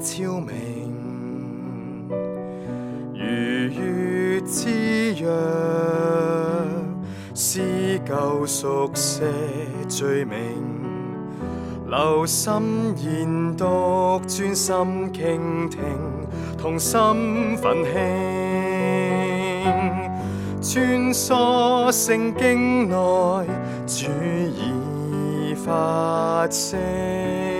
照明如月之弱，是舊熟識罪名。留心研讀，專心傾聽，同心奮興，穿梭聖經內，主已發聲。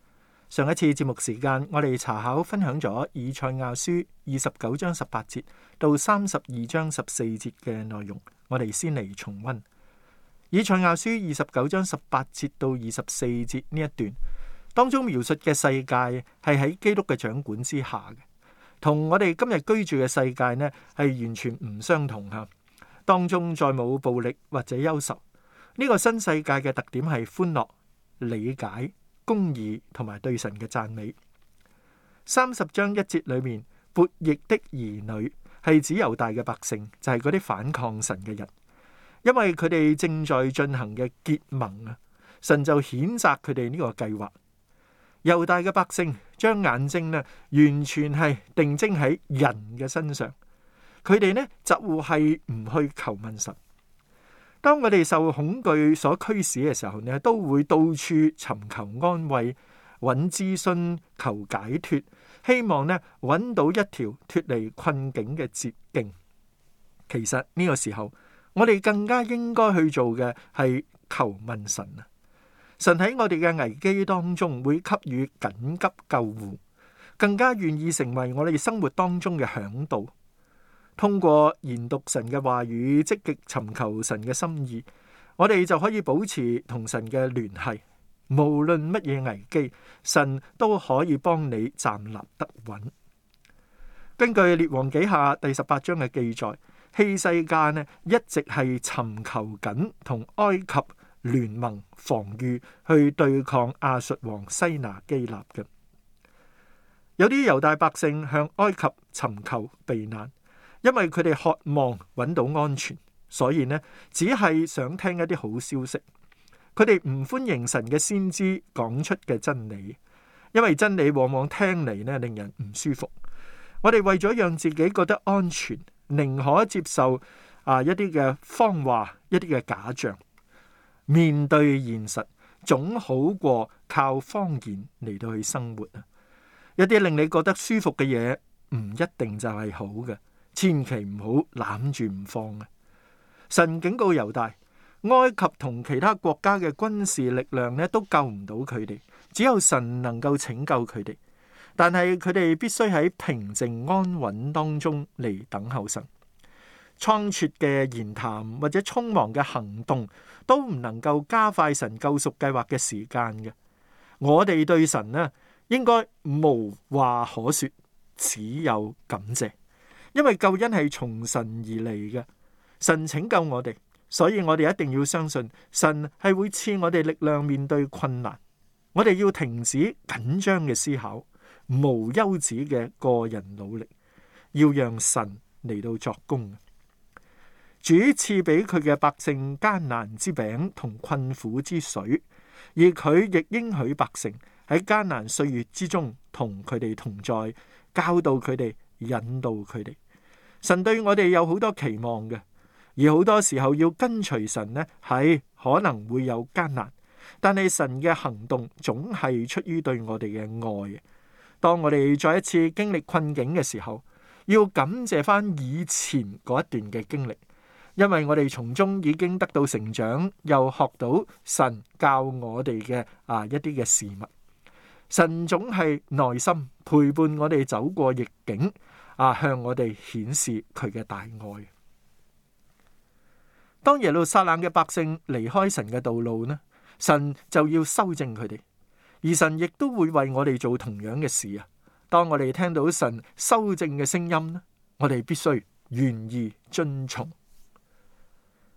上一次節目時間，我哋查考分享咗以賽亞書二十九章十八節到三十二章十四節嘅內容，我哋先嚟重溫。以賽亞書二十九章十八節到二十四節呢一段當中描述嘅世界係喺基督嘅掌管之下嘅，同我哋今日居住嘅世界呢係完全唔相同吓。當中再冇暴力或者憂愁，呢個新世界嘅特點係歡樂、理解。公義同埋對神嘅讚美。三十章一節裏面，叛逆的兒女係指猶大嘅百姓，就係嗰啲反抗神嘅人，因為佢哋正在進行嘅結盟啊，神就譴責佢哋呢個計劃。猶大嘅百姓將眼睛呢，完全係定睛喺人嘅身上，佢哋呢就係唔去求問神。當我哋受恐懼所驅使嘅時候呢，都會到處尋求安慰、揾諮詢、求解脱，希望呢揾到一條脱離困境嘅捷徑。其實呢個時候，我哋更加應該去做嘅係求問神啊！神喺我哋嘅危機當中會給予緊急救護，更加願意成為我哋生活當中嘅響導通過研讀神嘅話語，積極尋求神嘅心意，我哋就可以保持同神嘅聯繫。無論乜嘢危機，神都可以幫你站立得穩。根據《列王紀下》第十八章嘅記載，希西家呢一直係尋求緊同埃及聯盟防禦，去對抗亞述王西拿基立嘅。有啲猶大百姓向埃及尋求避難。因為佢哋渴望揾到安全，所以呢，只係想聽一啲好消息。佢哋唔歡迎神嘅先知講出嘅真理，因為真理往往聽嚟呢，令人唔舒服。我哋為咗讓自己覺得安全，寧可接受啊一啲嘅謊話，一啲嘅假象。面對現實總好過靠謊言嚟到去生活啊！有啲令你覺得舒服嘅嘢，唔一定就係好嘅。千祈唔好攬住唔放啊！神警告猶大，埃及同其他國家嘅軍事力量咧，都救唔到佢哋，只有神能夠拯救佢哋。但係佢哋必須喺平靜安穩當中嚟等候神。倉促嘅言談或者匆忙嘅行動都唔能夠加快神救贖計劃嘅時間嘅。我哋對神呢應該無話可說，只有感謝。因為救恩係從神而嚟嘅神拯救我哋，所以我哋一定要相信神係會賜我哋力量面對困難。我哋要停止緊張嘅思考，無休止嘅個人努力，要讓神嚟到作工。主賜俾佢嘅百姓艱難之餅同困苦之水，而佢亦應許百姓喺艱難歲月之中同佢哋同在，教導佢哋。引導佢哋，神對我哋有好多期望嘅，而好多時候要跟隨神呢，係可能會有艱難。但係神嘅行動總係出於對我哋嘅愛。當我哋再一次經歷困境嘅時候，要感謝翻，以前嗰一段嘅經歷，因為我哋從中已經得到成長，又學到神教我哋嘅啊一啲嘅事物。神總係耐心陪伴我哋走過逆境。啊！向我哋顯示佢嘅大愛。當耶路撒冷嘅百姓離開神嘅道路呢，神就要修正佢哋，而神亦都會為我哋做同樣嘅事啊！當我哋聽到神修正嘅聲音呢，我哋必須願意遵從。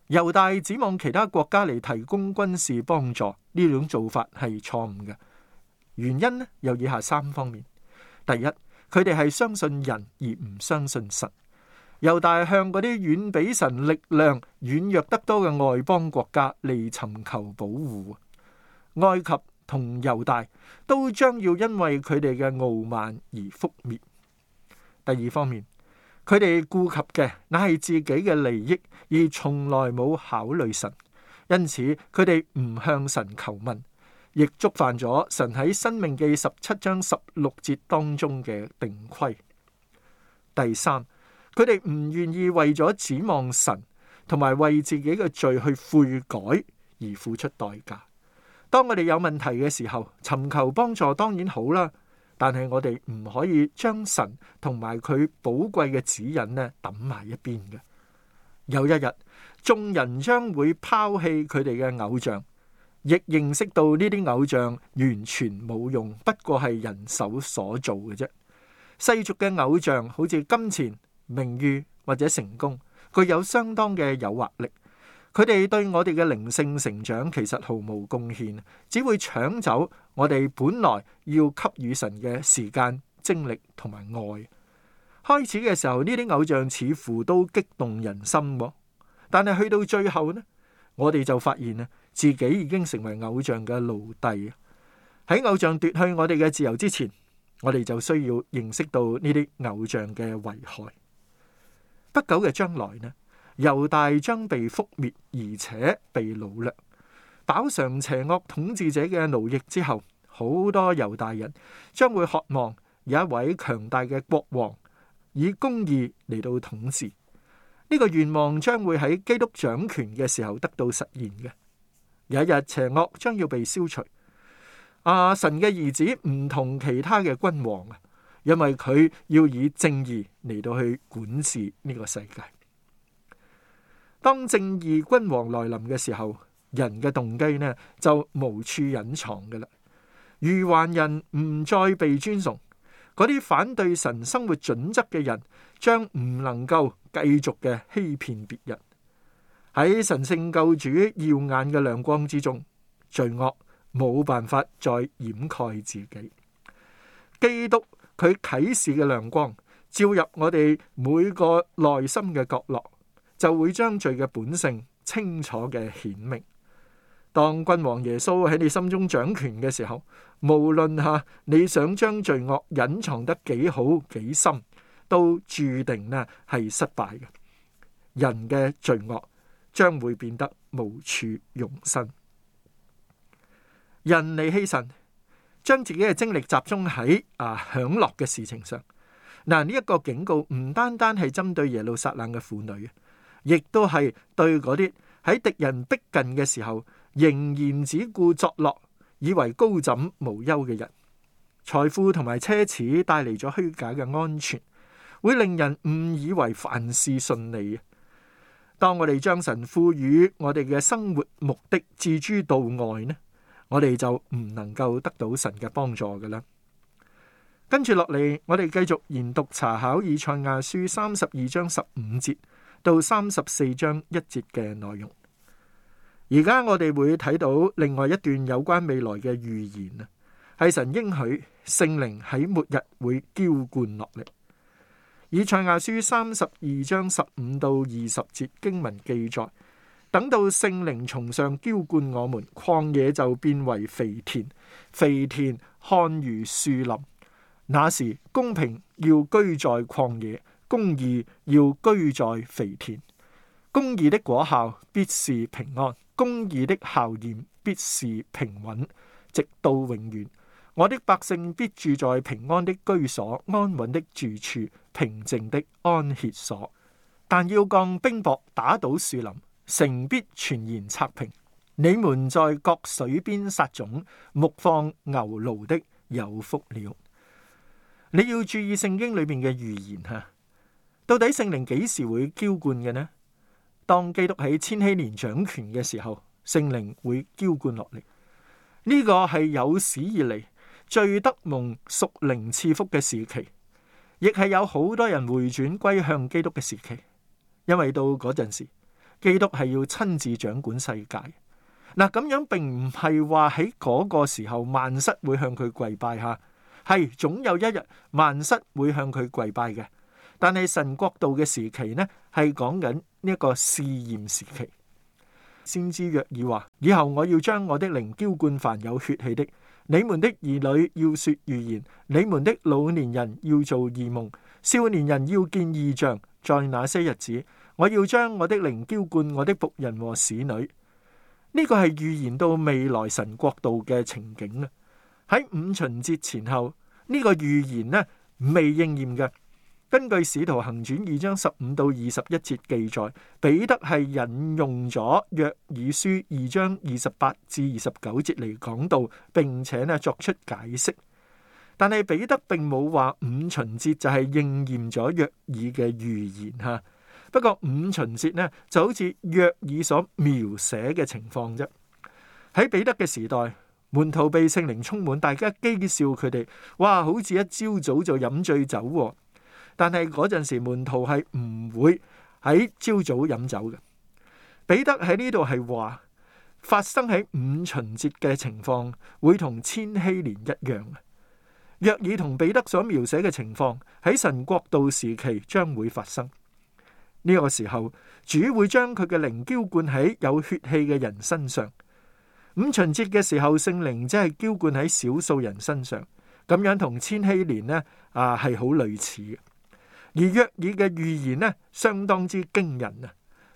猶大指望其他國家嚟提供軍事幫助，呢種做法係錯誤嘅，原因呢有以下三方面：第一。佢哋係相信人而唔相信神，猶大向嗰啲遠比神力量軟弱得多嘅外邦國家嚟尋求保護。埃及同猶大都將要因為佢哋嘅傲慢而覆滅。第二方面，佢哋顧及嘅乃係自己嘅利益，而從來冇考慮神，因此佢哋唔向神求問。亦觸犯咗神喺申命記十七章十六節當中嘅定規。第三，佢哋唔願意為咗指望神同埋為自己嘅罪去悔改而付出代價。當我哋有問題嘅時候，尋求幫助當然好啦，但係我哋唔可以將神同埋佢寶貴嘅指引呢抌埋一邊嘅。有一日，眾人將會拋棄佢哋嘅偶像。亦認識到呢啲偶像完全冇用，不過係人手所做嘅啫。世俗嘅偶像，好似金錢、名譽或者成功，具有相當嘅誘惑力。佢哋對我哋嘅靈性成長其實毫無貢獻，只會搶走我哋本來要給予神嘅時間、精力同埋愛。開始嘅時候，呢啲偶像似乎都激動人心，但係去到最後呢，我哋就發現呢。自己已經成為偶像嘅奴隸。喺偶像奪去我哋嘅自由之前，我哋就需要認識到呢啲偶像嘅危害。不久嘅將來呢，猶大將被覆滅，而且被擄掠。飽嘗邪惡統治者嘅奴役之後，好多猶大人將會渴望有一位強大嘅國王以公義嚟到統治。呢個願望將會喺基督掌權嘅時候得到實現嘅。有一日，日邪惡將要被消除，阿、啊、神嘅兒子唔同其他嘅君王啊，因為佢要以正義嚟到去管治呢個世界。當正義君王來臨嘅時候，人嘅動機呢就無處隱藏嘅啦。愚頑人唔再被尊崇，嗰啲反對神生活準則嘅人，將唔能夠繼續嘅欺騙別人。喺神聖救主耀眼嘅亮光之中，罪惡冇辦法再掩蓋自己。基督佢啟示嘅亮光照入我哋每個內心嘅角落，就會將罪嘅本性清楚嘅顯明。當君王耶穌喺你心中掌權嘅時候，無論吓你想將罪惡隱藏得幾好幾深，都注定咧係失敗嘅。人嘅罪惡，將會變得無處容身，人離棄神，將自己嘅精力集中喺啊享樂嘅事情上。嗱，呢一個警告唔單單係針對耶路撒冷嘅婦女，亦都係對嗰啲喺敵人逼近嘅時候仍然只顧作樂，以為高枕無憂嘅人。財富同埋奢侈帶嚟咗虛假嘅安全，會令人誤以為凡事順利。當我哋將神賦予我哋嘅生活目的置諸度外呢，我哋就唔能夠得到神嘅幫助噶啦。跟住落嚟，我哋繼續研讀查考以賽亞書三十二章十五節到三十四章一節嘅內容。而家我哋會睇到另外一段有關未來嘅預言啊，係神應許聖靈喺末日會澆灌落嚟。以賽亞書三十二章十五到二十節經文記載，等到聖靈從上澆灌我們，曠野就變為肥田，肥田看如樹林。那時公平要居在曠野，公義要居在肥田。公義的果效必是平安，公義的效驗必是平穩，直到永遠。我的百姓必住在平安的居所，安穩的住處。平靜的安歇所，但要降冰雹打倒樹林，城必全然拆平。你們在各水邊撒種、牧放牛驢的有福了。你要注意聖經裏面嘅預言吓，到底聖靈幾時會澆灌嘅呢？當基督喺千禧年掌權嘅時候，聖靈會澆灌落嚟。呢、這個係有史以嚟最得蒙屬靈賜福嘅時期。亦係有好多人回轉歸向基督嘅時期，因為到嗰陣時，基督係要親自掌管世界。嗱，咁樣並唔係話喺嗰個時候萬膝會向佢跪拜吓，係總有一日萬膝會向佢跪拜嘅。但係神國度嘅時期呢，係講緊呢一個試驗時期。先知約珥話：以後我要將我的靈澆灌凡有血氣的。你們的兒女要說預言，你們的老年人要做異夢，少年人要見異象。在那些日子，我要將我的靈澆灌我的僕人和使女。呢、這個係預言到未來神國度嘅情景啊！喺五旬節前後，呢、這個預言呢未應驗嘅。根據《使徒行傳》二章十五到二十一節記載，彼得係引用咗《約爾書》二章二十八至二十九節嚟講道，並且呢作出解釋。但係彼得並冇話五旬節就係應驗咗約爾嘅預言吓。不過五旬節呢就好似約爾所描寫嘅情況啫。喺彼得嘅時代，門徒被聖靈充滿，大家譏笑佢哋，哇，好似一朝早早就飲醉酒啊。但係嗰陣時，門徒係唔會喺朝早飲酒嘅。彼得喺呢度係話，發生喺五旬節嘅情況會同千禧年一樣。約珥同彼得所描寫嘅情況喺神國度時期將會發生。呢個時候主會將佢嘅靈澆灌喺有血氣嘅人身上。五旬節嘅時候聖靈即係澆灌喺少數人身上，咁樣同千禧年呢啊，係好類似嘅而約爾嘅預言呢，相當之驚人啊！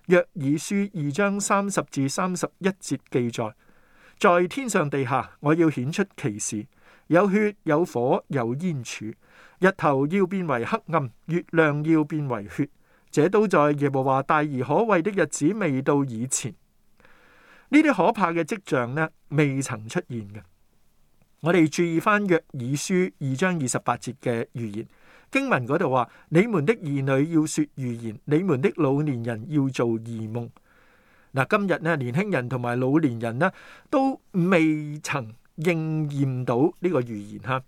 約爾書二章三十至三十一節記載：在天上地下，我要顯出奇事，有血有火有煙柱，日頭要變為黑暗，月亮要變為血。這都在耶和華大而可畏的日子未到以前，呢啲可怕嘅跡象呢，未曾出現嘅。我哋注意翻約爾書二章二十八節嘅預言。經文嗰度話：你們的兒女要說預言，你們的老年人要做異夢。嗱，今日呢年輕人同埋老年人呢，都未曾應驗到呢個預言吓。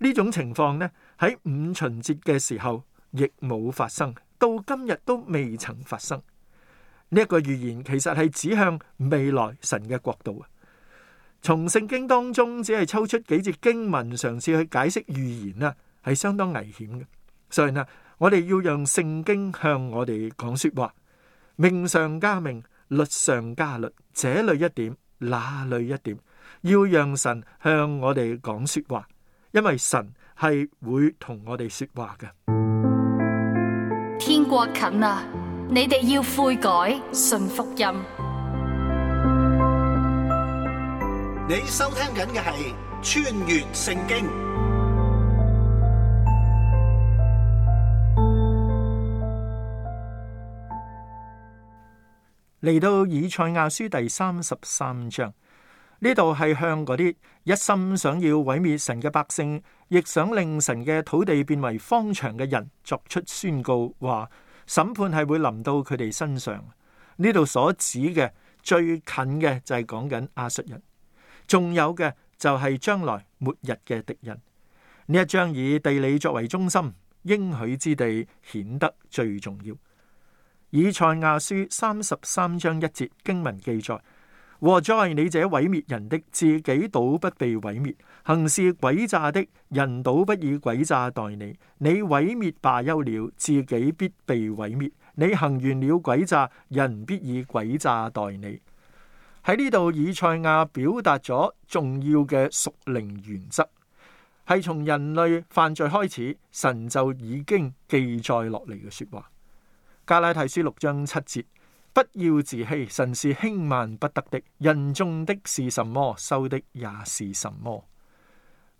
呢種情況呢，喺五旬節嘅時候亦冇發生，到今日都未曾發生。呢一個預言其實係指向未來神嘅國度啊。從聖經當中只係抽出幾節經文嘗試去解釋預言啊。係相當危險嘅，所以呢，我哋要讓聖經向我哋講說話，命上加命，律上加律，這裏一點，那裏一點，要讓神向我哋講說話，因為神係會同我哋說話嘅。天國近啊，你哋要悔改，信福音。你收聽緊嘅係穿越聖經。嚟到以賽亞書第三十三章，呢度係向嗰啲一心想要毀滅神嘅百姓，亦想令神嘅土地變為荒場嘅人作出宣告，話審判係會臨到佢哋身上。呢度所指嘅最近嘅就係講緊亞述人，仲有嘅就係將來末日嘅敵人。呢一章以地理作為中心，應許之地顯得最重要。以賽亞書三十三章一節經文記載：「禍哉！你這毀滅人的，自己倒不被毀滅；行事詭詐的，人倒不以詭詐待你。你毀滅罷休了，自己必被毀滅；你行完了詭詐，人必以詭詐待你。喺呢度，以賽亞表達咗重要嘅屬靈原則，係從人類犯罪開始，神就已經記載落嚟嘅說話。加拉太書六章七節，不要自欺，神是輕慢不得的。人種的是什麼，收的也是什麼。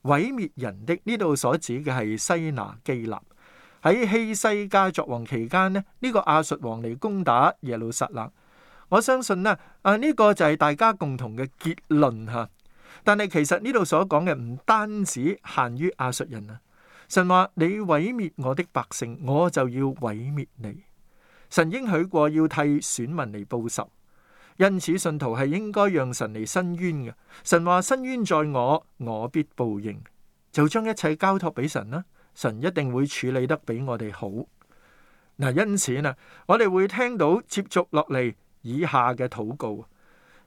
毀滅人的呢度所指嘅係西拿基立喺希西家作王期間呢？呢、這個亞述王嚟攻打耶路撒冷，我相信呢啊呢、這個就係大家共同嘅結論吓、啊。但係其實呢度所講嘅唔單止限於亞述人啊，神話你毀滅我的百姓，我就要毀滅你。神應許過要替選民嚟，報仇，因此信徒係應該讓神嚟伸冤嘅。神話伸冤在我，我必報應，就將一切交託俾神啦。神一定會處理得比我哋好。嗱，因此啊，我哋會聽到接續落嚟以下嘅禱告。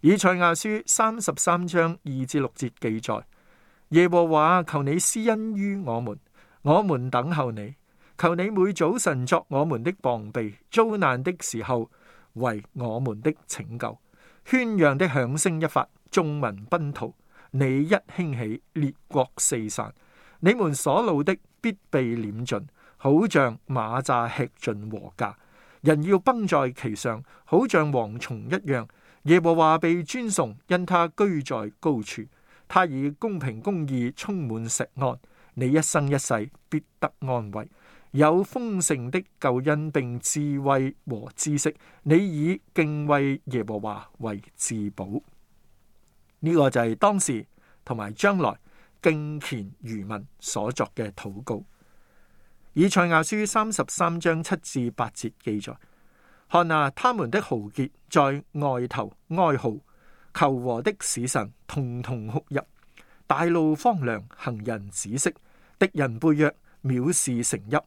以賽亞書三十三章二至六節記載：耶和華求你施恩於我們，我們等候你。求你每早晨作我們的膀臂，遭難的時候為我們的拯救。喧嚷的響聲一發，眾民奔逃；你一興起，列國四散。你們所擄的必被斂盡，好像螞蚱吃盡禾稼。人要蹦在其上，好像蝗蟲一樣。耶和華被尊崇，因他居在高處，他以公平公義充滿錫安。你一生一世必得安慰。有豐盛的救恩，並智慧和知識，你以敬畏耶和華為至寶。呢、這個就係當時同埋將來敬虔愚民所作嘅禱告。以賽亞書三十三章七至八節記載：看啊，他們的豪傑在外頭哀號，求和的使臣痛痛哭泣，大路荒涼，行人止息，敵人背約，藐視城邑。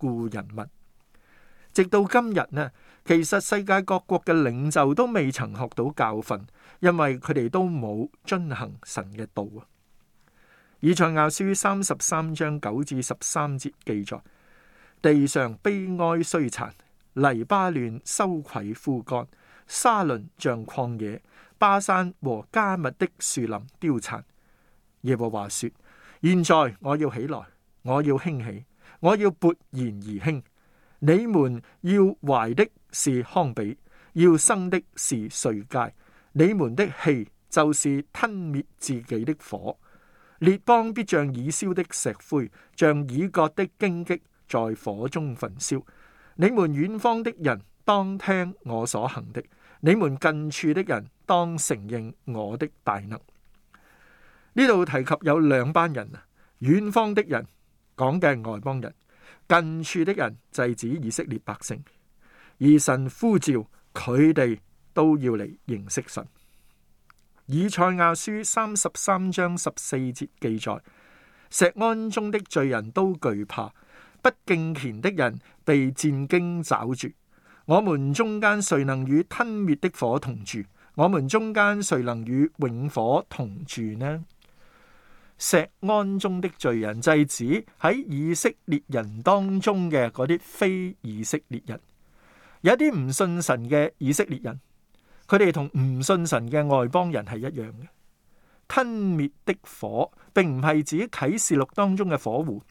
故人物，直到今日呢？其實世界各國嘅領袖都未曾學到教訓，因為佢哋都冇遵行神嘅道啊！以賽亞書三十三章九至十三節記載：地上悲哀衰殘，利巴嫩，羞愧枯乾，沙崙像曠野，巴山和加密的樹林凋殘。耶和華說：現在我要起來，我要興起。我要勃然而興，你們要懷的是糠秕，要生的是碎秸。你們的氣就是吞滅自己的火，列邦必像已燒的石灰，像已割的荊棘，在火中焚燒。你們遠方的人當聽我所行的，你們近處的人當承認我的大能。呢度提及有兩班人啊，遠方的人。講嘅外邦人，近處的人制止以色列百姓，而神呼召佢哋都要嚟認識神。以賽亞書三十三章十四節記載：錫安中的罪人都懼怕，不敬虔的人被戰兢抓住。我們中間誰能與吞滅的火同住？我們中間誰能與永火同住呢？錫安中的罪人即指喺以色列人當中嘅嗰啲非以色列人，有啲唔信神嘅以色列人，佢哋同唔信神嘅外邦人係一樣嘅。吞滅的火，並唔係指啟示錄當中嘅火湖，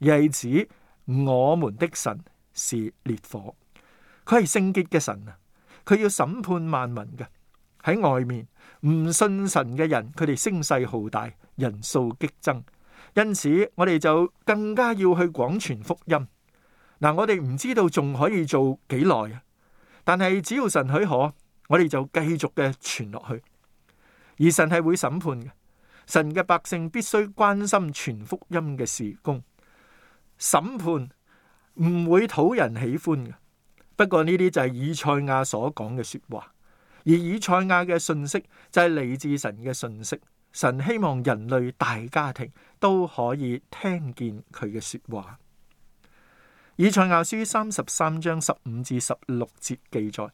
而係指我們的神是烈火，佢係聖潔嘅神啊，佢要審判萬民嘅喺外面。唔信神嘅人，佢哋聲勢浩大，人數激增，因此我哋就更加要去廣傳福音。嗱，我哋唔知道仲可以做幾耐呀，但係只要神許可，我哋就繼續嘅傳落去。而神係會審判嘅，神嘅百姓必須關心傳福音嘅事工，審判唔會討人喜歡嘅，不過呢啲就係以賽亞所講嘅說話。而以賽亞嘅信息就係嚟自神嘅信息，神希望人類大家庭都可以聽見佢嘅說話。以賽亞書三十三章十五至十六節記載：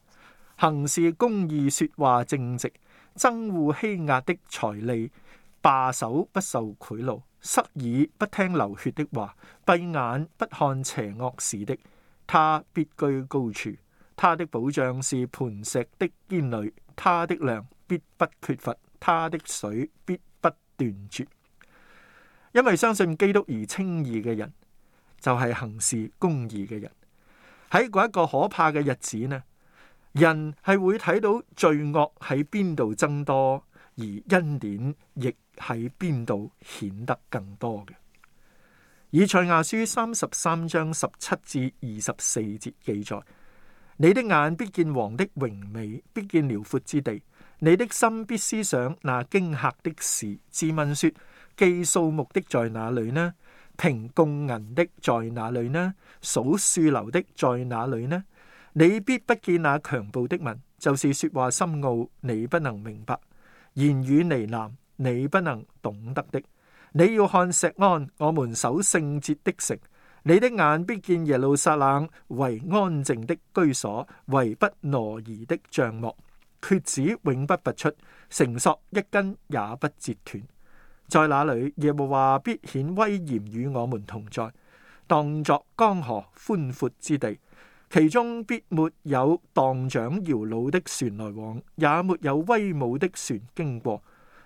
行事公義，說話正直，憎惡欺壓的財利，罷手不受賄賂，失耳不聽流血的話，閉眼不看邪惡事的，他必居高處。他的保障是磐石的堅壘，他的糧必不缺乏，他的水必不斷絕。因為相信基督而稱義嘅人，就係、是、行事公義嘅人。喺嗰一個可怕嘅日子呢，人係會睇到罪惡喺邊度增多，而恩典亦喺邊度顯得更多嘅。以賽亞書三十三章十七至二十四節記載。你的眼必見王的榮美，必見遼闊之地。你的心必思想那驚嚇的事，自問說：記數目的在哪裏呢？平貢銀的在哪裏呢？數戍樓的在哪裏呢？你必不見那強暴的民，就是說話深奧你不能明白，言語呢喃你不能懂得的。你要看錫安，我們守聖節的城。你的眼必見耶路撒冷為安靜的居所，為不挪移的帳幕，橛子永不拔出，繩索一根也不折斷。在那裡，耶和華必顯威嚴與我們同在，當作江河寬闊之地，其中必沒有蕩槳搖橹的船來往，也沒有威武的船經過，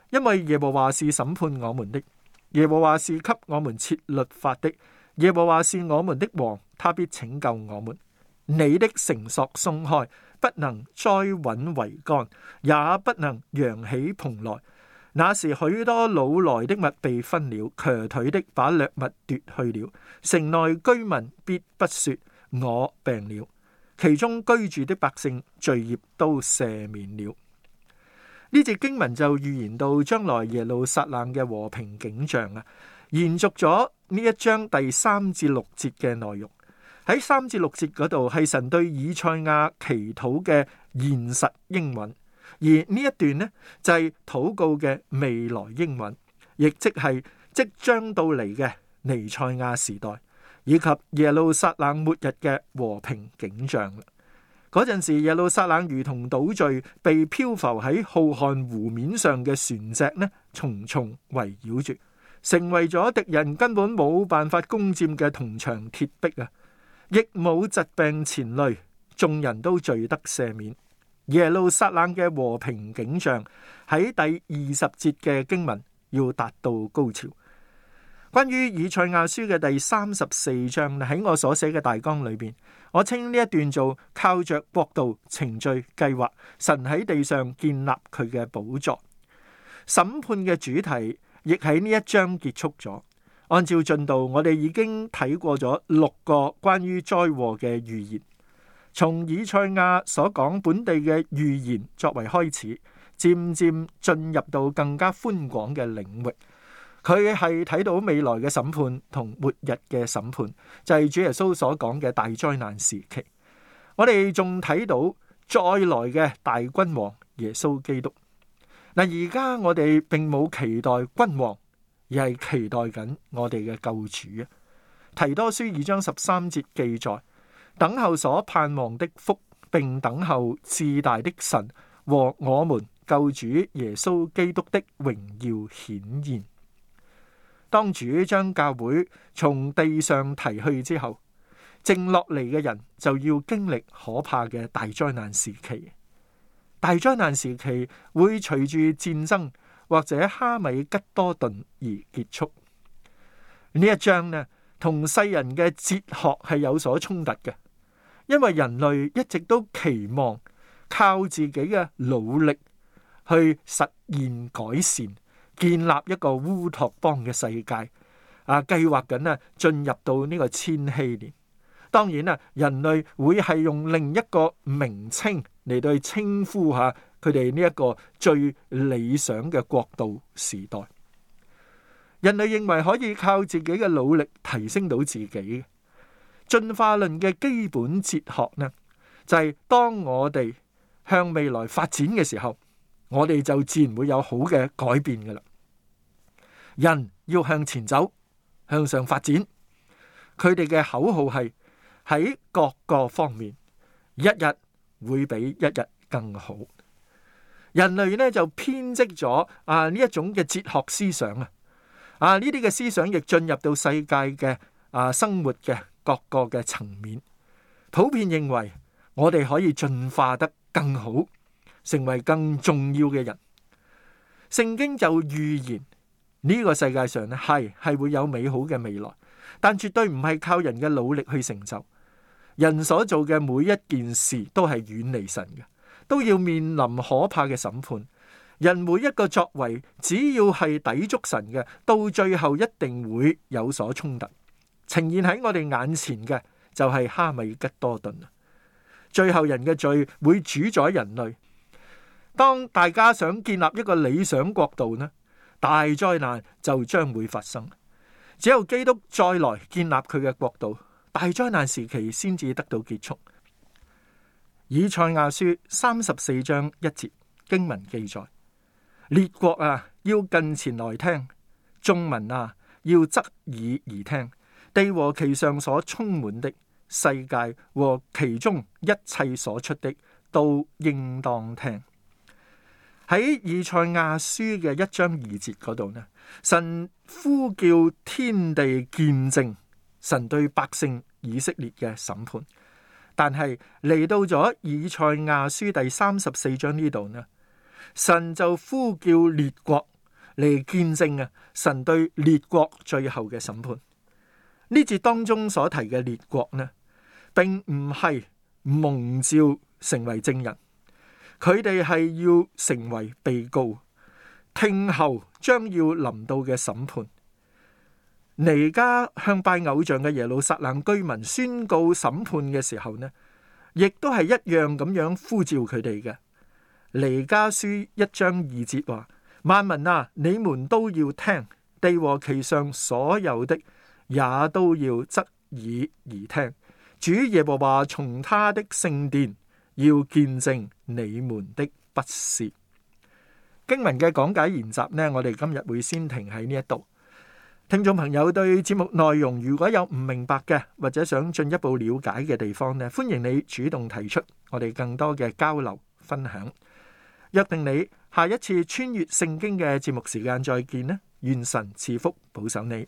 因為耶和華是審判我們的，耶和華是給我們設律法的。耶和華是我們的王，他必拯救我們。你的繩索鬆開，不能栽穩桅杆，也不能揚起蓬來。那時許多老來的物被分了，瘸腿的把掠物奪去了。城內居民必不說我病了，其中居住的百姓罪孽都赦免了。呢節經文就預言到將來耶路撒冷嘅和平景象啊！延續咗呢一章第三至六節嘅內容，喺三至六節嗰度係神對以賽亞祈禱嘅現實應允。而呢一段呢，就係、是、禱告嘅未來應允，亦即係即將到嚟嘅尼賽亞時代以及耶路撒冷末日嘅和平景象。嗰陣時，耶路撒冷如同島嶼，被漂浮喺浩瀚湖面上嘅船隻呢，重重圍繞住。成為咗敵人根本冇辦法攻占嘅銅牆鐵壁啊！亦冇疾病前累，眾人都罪得赦免。耶路撒冷嘅和平景象喺第二十節嘅經文要達到高潮。關於以賽亞書嘅第三十四章喺我所寫嘅大綱裏邊，我稱呢一段做靠着國度程序計劃，神喺地上建立佢嘅寶座，審判嘅主題。亦喺呢一章結束咗。按照進度，我哋已經睇過咗六個關於災禍嘅預言，從以賽亞所講本地嘅預言作為開始，漸漸進入到更加寬廣嘅領域。佢係睇到未來嘅審判同末日嘅審判，就係主耶穌所講嘅大災難時期。我哋仲睇到再來嘅大君王耶穌基督。嗱，而家我哋並冇期待君王，而係期待緊我哋嘅救主啊！提多書二章十三節記載，等候所盼望的福，並等候至大的神和我們救主耶穌基督的榮耀顯現。當主將教會從地上提去之後，剩落嚟嘅人就要經歷可怕嘅大災難時期。大災難時期會隨住戰爭或者哈米吉多頓而結束。呢一章呢，同世人嘅哲學係有所衝突嘅，因為人類一直都期望靠自己嘅努力去實現改善、建立一個烏托邦嘅世界。啊，計劃緊呢，進入到呢個千禧年。當然啦，人類會係用另一個名稱嚟對稱呼下佢哋呢一個最理想嘅國度時代。人類認為可以靠自己嘅努力提升到自己。進化論嘅基本哲學呢，就係當我哋向未來發展嘅時候，我哋就自然會有好嘅改變噶啦。人要向前走，向上發展，佢哋嘅口號係。喺各個方面，一日會比一日更好。人類呢，就編織咗啊呢一種嘅哲學思想啊，啊呢啲嘅思想亦進入到世界嘅啊生活嘅各個嘅層面。普遍認為我哋可以進化得更好，成為更重要嘅人。聖經就預言呢，呢個世界上呢係係會有美好嘅未來，但絕對唔係靠人嘅努力去成就。人所做嘅每一件事都係遠離神嘅，都要面臨可怕嘅審判。人每一個作為，只要係抵觸神嘅，到最後一定會有所衝突。呈現喺我哋眼前嘅就係哈米吉多頓。最後人嘅罪會主宰人類。當大家想建立一個理想國度呢，大災難就將會發生。只有基督再來建立佢嘅國度。大災難時期先至得到結束。以賽亞書三十四章一節經文記載：列國啊，要近前來聽；眾民啊，要側耳而聽。地和其上所充滿的世界和其中一切所出的，都應當聽。喺以賽亞書嘅一章二節嗰度呢，神呼叫天地見證，神對百姓以色列嘅審判，但係嚟到咗以賽亞書第三十四章呢度呢，神就呼叫列國嚟見證啊，神對列國最後嘅審判。呢節當中所提嘅列國呢，並唔係蒙召成為證人，佢哋係要成為被告，聽候將要臨到嘅審判。尼加向拜偶像嘅耶路撒冷居民宣告審判嘅時候呢，亦都係一樣咁樣呼召佢哋嘅。尼加書一章二節話：萬民啊，你們都要聽，地和其上所有的，也都要側耳而聽。主耶和華從他的聖殿要見證你們的不是。經文嘅講解研習呢，我哋今日會先停喺呢一度。聽眾朋友對節目內容，如果有唔明白嘅，或者想進一步了解嘅地方呢，歡迎你主動提出，我哋更多嘅交流分享。約定你下一次穿越聖經嘅節目時間再見呢，願神賜福保守你。